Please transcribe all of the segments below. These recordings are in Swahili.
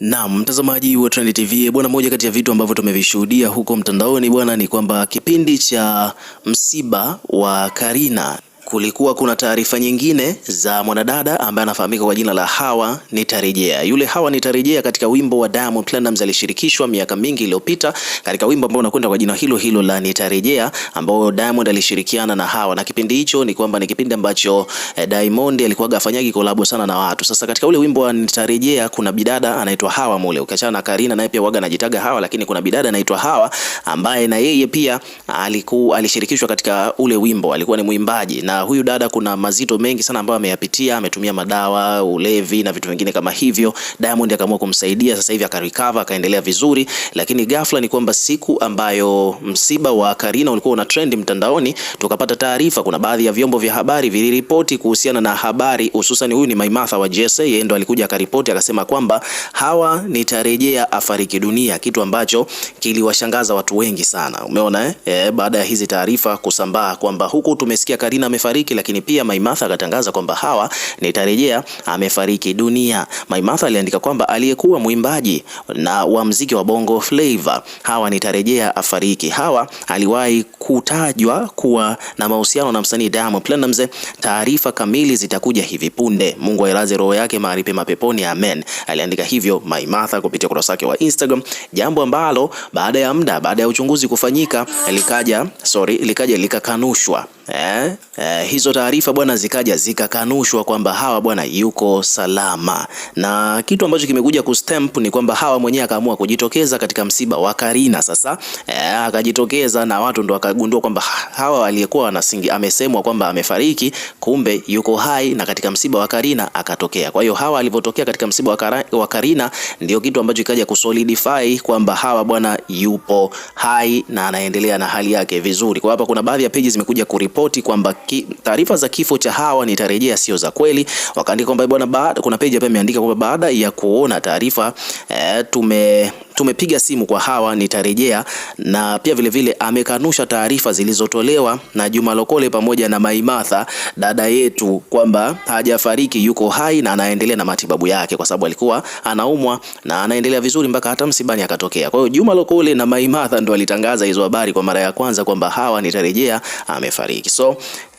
Na mtazamaji wa Trend TV bwana, moja kati ya vitu ambavyo tumevishuhudia huko mtandaoni bwana ni kwamba kipindi cha msiba wa Karina Kulikuwa kuna taarifa nyingine za mwanadada ambaye anafahamika kwa jina la Hawa Nitarejea. Yule Hawa Nitarejea katika wimbo wa Diamond Platnumz alishirikishwa miaka mingi iliyopita katika wimbo ambao unakwenda kwa jina hilo hilo la Nitarejea, ambao Diamond alishirikiana na Hawa, na kipindi hicho ni kwamba ni kipindi ambacho eh, Diamond alikuwa gafanyagi collab sana na watu. Sasa katika ule wimbo wa Nitarejea kuna bidada anaitwa Hawa mule, ukiachana na Karina naye pia waga anajitaga Hawa, lakini kuna bidada anaitwa Hawa ambaye na yeye pia alikuwa alishirikishwa katika ule wimbo, alikuwa ni mwimbaji na na huyu dada kuna mazito mengi sana ambayo ameyapitia, ametumia madawa, ulevi na vitu vingine kama hivyo. Diamond akaamua kumsaidia, sasa hivi akarecover, akaendelea vizuri, lakini ghafla ni kwamba siku ambayo msiba wa Karina ulikuwa una trend mtandaoni, tukapata taarifa, kuna baadhi ya vyombo vya habari viliripoti kuhusiana na habari, hususan huyu ni Maimatha wa JSA, yeye ndo alikuja akaripoti akasema kwamba Hawa nitarejea afariki dunia, kitu ambacho kiliwashangaza watu wengi sana. Umeona eh? E, baada ya hizi taarifa kusambaa kwamba huku tumesikia Karina amefariki, lakini pia Maimatha akatangaza kwamba Hawa nitarejea amefariki dunia. Maimatha aliandika kwamba aliyekuwa mwimbaji na wa mziki wa Bongo Flava Hawa nitarejea afariki. Hawa aliwahi kutajwa kuwa na mahusiano na msanii Diamond Platnumz. Taarifa kamili zitakuja hivi punde. Mungu ailaze roho yake mahali pema peponi, amen. Aliandika hivyo Maimatha kupitia ukurasa wake wa Instagram, jambo ambalo baada ya muda, baada ya uchunguzi kufanyika, likaja sorry, likaja likakanushwa eh, eh, hizo taarifa bwana zikaja zikakanushwa kwamba Hawa bwana yuko salama, na kitu ambacho kimekuja kustamp ni kwamba Hawa mwenyewe akaamua kujitokeza katika msiba wa Karina. Sasa eh, akajitokeza na watu ndo akagundua kwamba Hawa aliyekuwa anasingi amesemwa kwamba amefariki, kumbe yuko hai, na katika msiba wa Karina akatokea. Kwa hiyo Hawa alipotokea katika msiba wa Karina ndio kitu ambacho kikaja kusolidify kwamba Hawa bwana yupo hai na anaendelea na hali yake vizuri. Kwa hapa kuna baadhi ya pages zimekuja ku ripoti kwamba taarifa za kifo cha Hawa nitarejea sio za kweli. Wakaandika kwamba bwana, kuna page hapa imeandika kwamba baada ya kuona taarifa eh, tume tumepiga simu kwa hawa, nitarejea na pia vilevile vile, amekanusha taarifa zilizotolewa na Juma Lokole pamoja na maimatha dada yetu kwamba hajafariki, yuko hai na anaendelea na matibabu yake, kwa sababu alikuwa anaumwa na anaendelea vizuri mpaka hata msibani akatokea. Kwa hiyo Juma Lokole na maimatha ndo alitangaza hizo habari kwa mara ya kwanza kwamba hawa, nitarejea amefariki so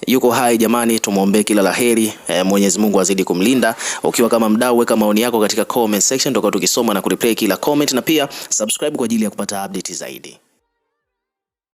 yuko hai jamani, tumwombee kila laheri e, eh, Mwenyezi Mungu azidi kumlinda. Ukiwa kama mdau, weka maoni yako katika comment section, tutakuwa tukisoma na kureplay kila comment, na pia subscribe kwa ajili ya kupata update zaidi.